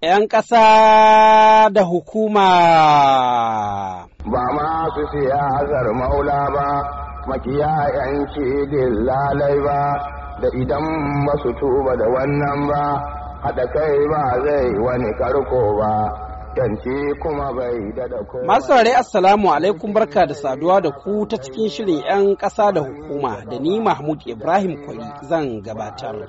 ‘yan ƙasa da hukuma. Ba ma su siyasar maula ba, makiya yanci lalai ba, da idan ba su tuba da wannan ba, haɗa kai ba zai wani karko ba. bai Masu saurari Assalamu alaikum barka da saduwa da ku ta cikin shirin 'yan ƙasa da hukuma da ni Mahmud Ibrahim Kwari zan gabatar.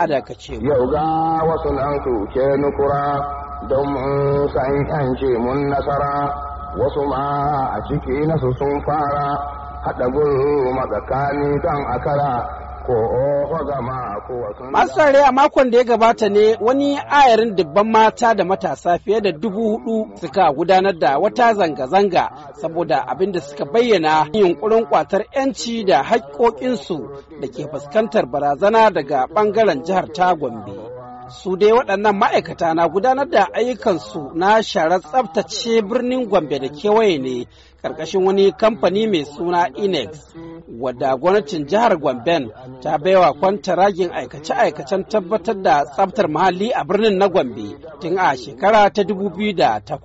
a dakace yau ga wasu nan su ke nukura don mun san yance mun nasara wasu ma a ciki nasu sun fara haɗa gulu matsakani kan akara Masare a makon da ya gabata ne wani ayarin dubban mata da matasa fiye da dubu hudu suka gudanar da wata zanga-zanga saboda abin da suka bayyana yunkurin kwatar 'yanci da haƙƙoƙinsu da ke fuskantar barazana daga ɓangaren jihar ta Gombe. Su dai waɗannan ma'aikata na gudanar da ayyukansu na sharar tsabtace birnin Gombe da kewaye ne ƙarƙashin wani kamfani mai suna Inex, wadda gwamnatin jihar Gomben ta baiwa kwanta ragin aikace-aikacen tabbatar da tsabtar muhalli a birnin na Gombe tun a shekara ta 2008.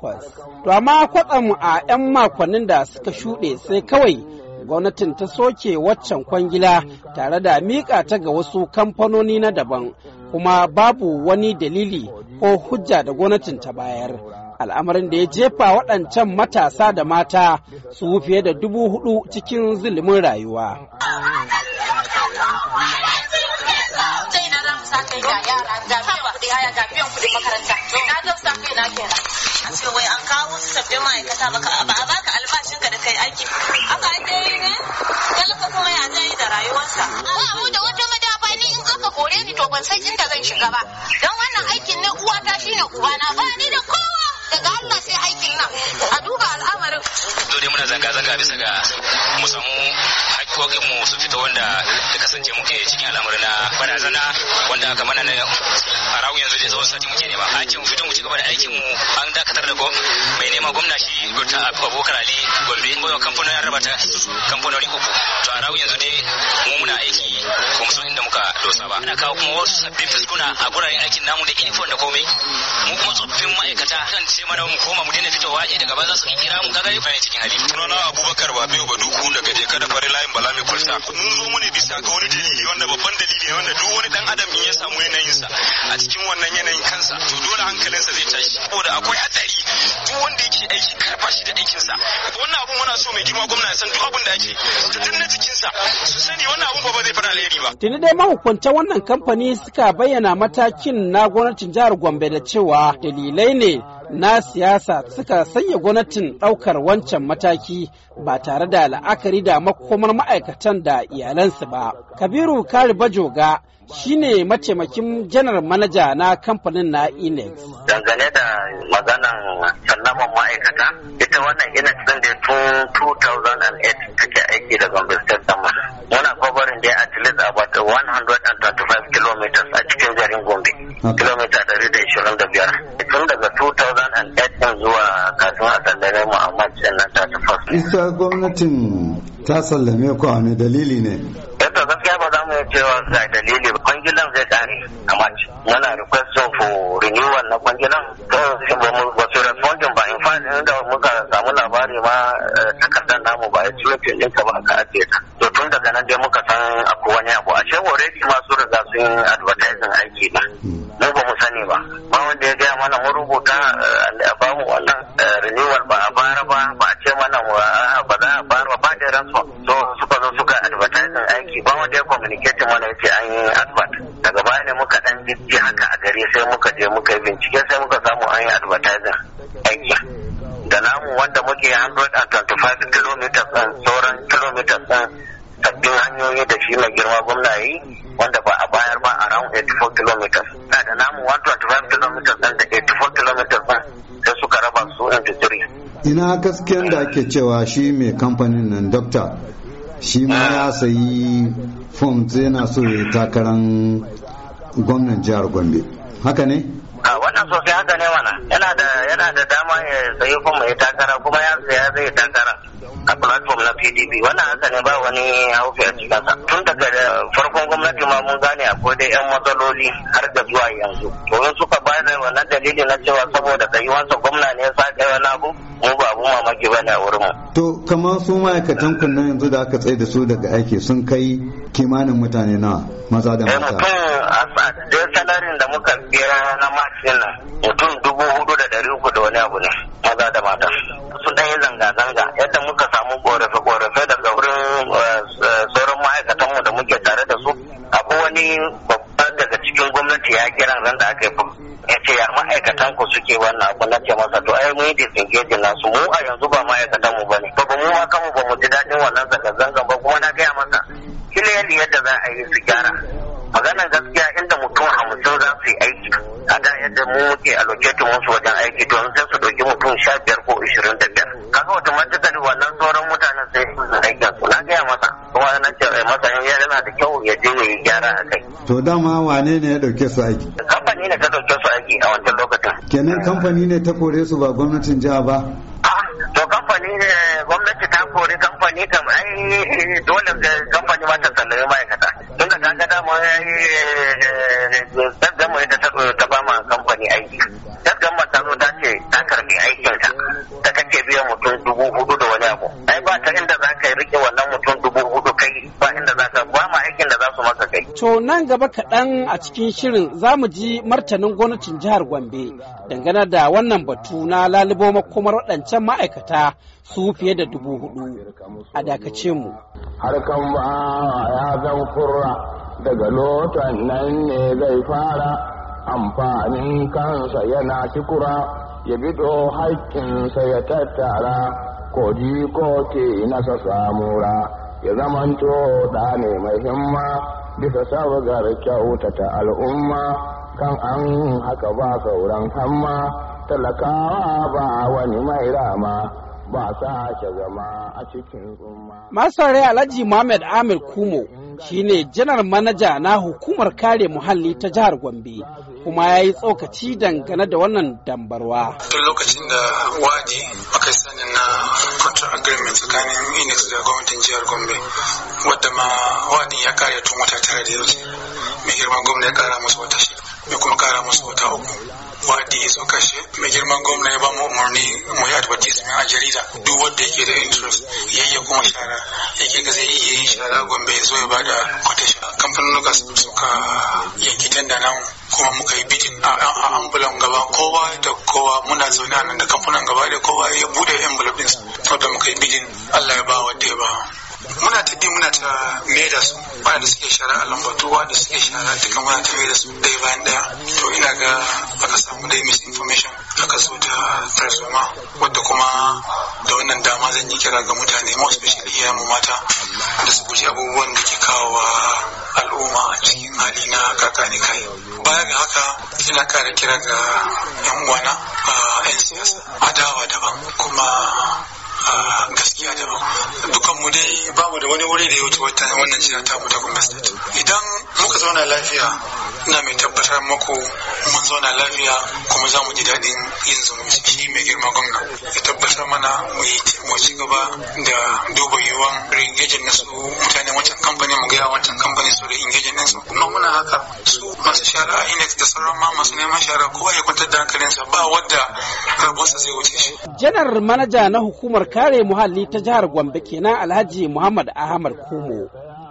To amma kwatsam a 'yan makonnin da suka shuɗe sai kawai gwamnatin ta soke waccan kwangila tare da miƙa ta ga wasu kamfanoni na daban kuma babu wani dalili ko hujja da gwamnatin ta bayar al'amarin da ya jefa waɗancan matasa da mata su fiye da dubu hudu cikin zulumin rayuwa a ce wai an kawo sabbin ma'aikata ba ka albashinka da kai aiki aka dai ne talaka kuma ya jayi da rayuwarsa kore ni to ban san inda zan shiga ba don wannan aikin ne ta shine na ba ni da kowa daga Allah sai aikin nan a duba al'amarin dole muna zanga zanga bisa ga mu samu hakkokin mu su fita wanda ya kasance muke cikin al'amarin na barazana wanda aka mana na a yanzu da tsawon sati muke ba a cikin mu fito mu ci gaba da aikin mu an dakatar da ko yi ma gwamna shi dota abubakar ali gombe ko kamfanin ya rabata kamfanin rikuku to a rawu yanzu dai mu muna aiki ko mu inda muka dosa ba ana kawo kuma wasu sabbin fuskuna a guraren aikin namu da infon da komai mu kuma tsoffin ma'aikata kan ce mana mu koma mu daina fitowa eh daga ba su su kira mu kaga fa cikin hali sunana abubakar ba biyu ba duku daga je kada fari layin bala mai kulsa mun zo mu ne bisa ga wani dalili wanda babban dalili ne wanda duk wani dan adam in ya samu yanayinsa a cikin wannan yanayin kansa to dole hankalinsa zai tashi saboda akwai hatsari duk wanda yake aiki karfa shi da aikinsa wannan abun muna so mai girma gwamna ya san duk abun da ake duk na jikinsa su sani wannan abun ba zai fara alheri ba tuni dai mahukunta wannan kamfani suka bayyana matakin na gwamnatin jihar Gombe da cewa dalilai ne na siyasa suka sanya gwamnatin ɗaukar wancan mataki ba tare da la'akari da makomar ma'aikatan da iyalansu ba. Kabiru Kari Bajoga shine mataimakin janar manaja na kamfanin na Inex. Dangane da maganan sallaman ma'aikata ita wannan ina cikin da tun 2008 take aiki da gombe state sama muna covering dai at least about 125 kilometers a cikin garin gombe kilomita 125 tun daga 2008 zuwa kasuwa a sallare mu a march din 31 ita gwamnatin ta sallame ku wani dalili ne yadda eh, gaskiya ba za mu yi cewa ga dalili ba kwangilan zai kare kamar muna request for renewal na kwangilan ba su respondin ba in fact inda muka samu labari ma eh, takardar namu ba ya ciwo ke ɗinka ba ka ake ka to tun daga nan dai muka san akwai wani abu a shewa already ma su riga sun advertising aiki ba mu ba mu sani ba ba wanda ya gaya mana eh, mu rubuta a bamu wannan eh, renewal ba a bara ba ba a ce mana ba za a bara ba ba da ransu aiki ba wanda ya communication wanda ya ce an yi advert daga baya ne muka dan jiji haka a gari sai muka je muka yi bincike sai muka samu an yi advertising aiki da namu wanda muke 125 km ɗin sauran kilometers ɗin sabbin hanyoyi da shi mai girma gwamna yi wanda ba a bayar ba a round 84 km na da namu 125 km ɗin da 84 km ɗin sai suka raba su 23 ina gaskiyar da ake cewa shi mai kamfanin nan dokta shi ma ya sayi fom sai yana so ya takarar gwamnan jihar gombe haka ne a wannan sosai haka ne mana yana da dama ya sayi fom ya takara kuma ya saya zai takara na PDP wannan hakan ba wani haufi a cikinsa tun daga farkon gwamnati ma mun gane akwai da yan matsaloli har da zuwa yanzu domin suka bayar da wannan dalili na cewa saboda tsayuwansa gwamna ne ya sa kai wani abu mu ba abun mamaki ba ne a wurin mu. To kamar su ma'aikatan kunnan yanzu da aka tsaye da su daga aiki sun kai kimanin mutane na maza da mata. Eh, mutum da salarin da muka biya na mashin mutum dubu hudu da dari uku da wani abu ne maza da mata. Sun ɗaya zanga-zanga yadda wani babban daga cikin gwamnati ya kira ran da aka yi ya ce ya ma'aikatan ku suke wannan abu na ce masa to ai mun disengage su mu a yanzu ba ma'aikatan mu bane ba mu ma kanmu ba mu ji daɗin wannan zanga zanga ba kuma na gaya masa kiliyali yadda za a yi su gyara maganar gaskiya inda mutum hamsin za su yi aiki a da yadda mu muke allocating musu wajen aiki to sai su ɗauki mutum sha biyar ko ishirin da biyar kaga wata matakan wannan sauran mutanen kuma na ce mai yana da kyau ya je yi gyara a kai. To dama wane ne ya ɗauke su aiki? Kamfani ne ta ɗauke su aiki a wancan lokacin. Kenan kamfani ne ta kore su ba gwamnatin jiha ba? To kamfani ne gwamnati ta kore kamfani kam ai dole kamfani ma ta sallami ma'aikata. Tunda ta ga dama gaggama eh, eh, eh, da ta ba ma kamfani aiki. Gaggama ta zo ta ce ta karɓi aikinta. Ta kake biyan mutum dubu hudu da wani abu. Ai ba ta inda za ka yi riƙe wannan mutum za ka ba ma aikin da za su maka kai. To nan gaba kaɗan a cikin shirin za mu ji martanin gwamnatin jihar Gombe dangane da wannan batu na lalubo makomar waɗancan ma'aikata su fiye da dubu hudu a dakace mu. Harkan ba ya zan kurra daga lotan nan ne zai fara amfanin kansa yana kikura ya bido haƙƙinsa ya tattara ko ji ko ke nasa samura. ya zamanto da ne mai himma bisa kyauta kyautata al'umma kan an haka ba sauran hamma talakawa ba wani mai rama ba sake zama a cikin umma. Masare Alhaji Muhammad Amir Kumo shine janar manaja na hukumar kare muhalli ta jihar Gombe kuma ya yi tsokaci dangane da wannan dambarwa. lokacin da wani aka sani agreement tsakanin inex da gwamnatin jihar gombe wadda ma wadin ya kare tun wata tara da yauce mai girman gwamna ya kara musu wata shi mai kuma kara musu wata uku wadi sun kashe mai girman gwamna ya ba mu umarni mu yi advertisement a jarida duk wanda yake da interest yi kuma shara yake ga zai yi shara gombe ya zo ya bada quotation kamfanonuka suka yanki tanda nan kuma muka yi bitin a ambulan gaba kowa da kowa muna zaune a nan da kamfanin gaba da kowa ya bude envelope ɗinsa da muka yi bidin Allah ya ba wa da ya ba muna ta muna ta me da su da suke shara a lambatu da suke shara duka muna ta me da su ɗaya bayan ɗaya to ina ga aka samu dai misinformation aka so ta tarzoma wadda kuma da wannan dama zan yi kira ga mutane mu especially iya mu mata da su guji abubuwan da ke kawo al'umma a cikin hali na ne kai baya ga haka ina kara kira ga yan uwana a 'yan siyasa gaskiya da dukan mu dai babu da wani wuri da ya wuce wannan jiya ta mu ta gwamnati idan muka zauna lafiya ina mai tabbatar muku mun zauna lafiya kuma za mu ji daɗin yin zumunci shi mai girma gwamna ya tabbatar mana mu ci gaba da duba yiwuwan ringejin na su mutane wancan kamfani mu gaya wancan kamfani su da ingejin su. kuma muna haka su masu shara inex da sauran ma masu neman shara kowa ya kwantar da hankalinsa ba wadda rabonsa zai wuce shi. janar manaja na hukumar kare muhalli ta jihar gombe kenan alhaji muhammad ahmad kumo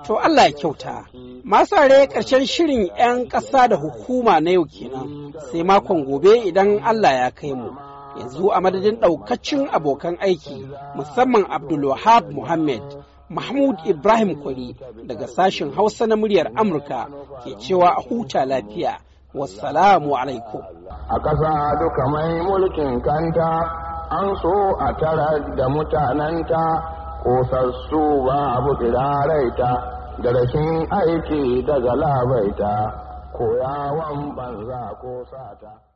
To Allah ya kyauta. Masare ƙarshen shirin 'yan ƙasa da hukuma na yau kenan sai makon gobe idan Allah ya kai mu. Yanzu a madadin ɗaukacin abokan aiki musamman Abdulwahab Muhammad. Mahmud Ibrahim Kwari daga sashen Hausa na muryar Amurka ke cewa a huta lafiya. Wassalamu alaikum. A ƙasa duka mai mulkin kanta an so a tara da mutananta ƙosassu babu tsiraraita. da rashin aiki daga labaita koyawan banza ko sata.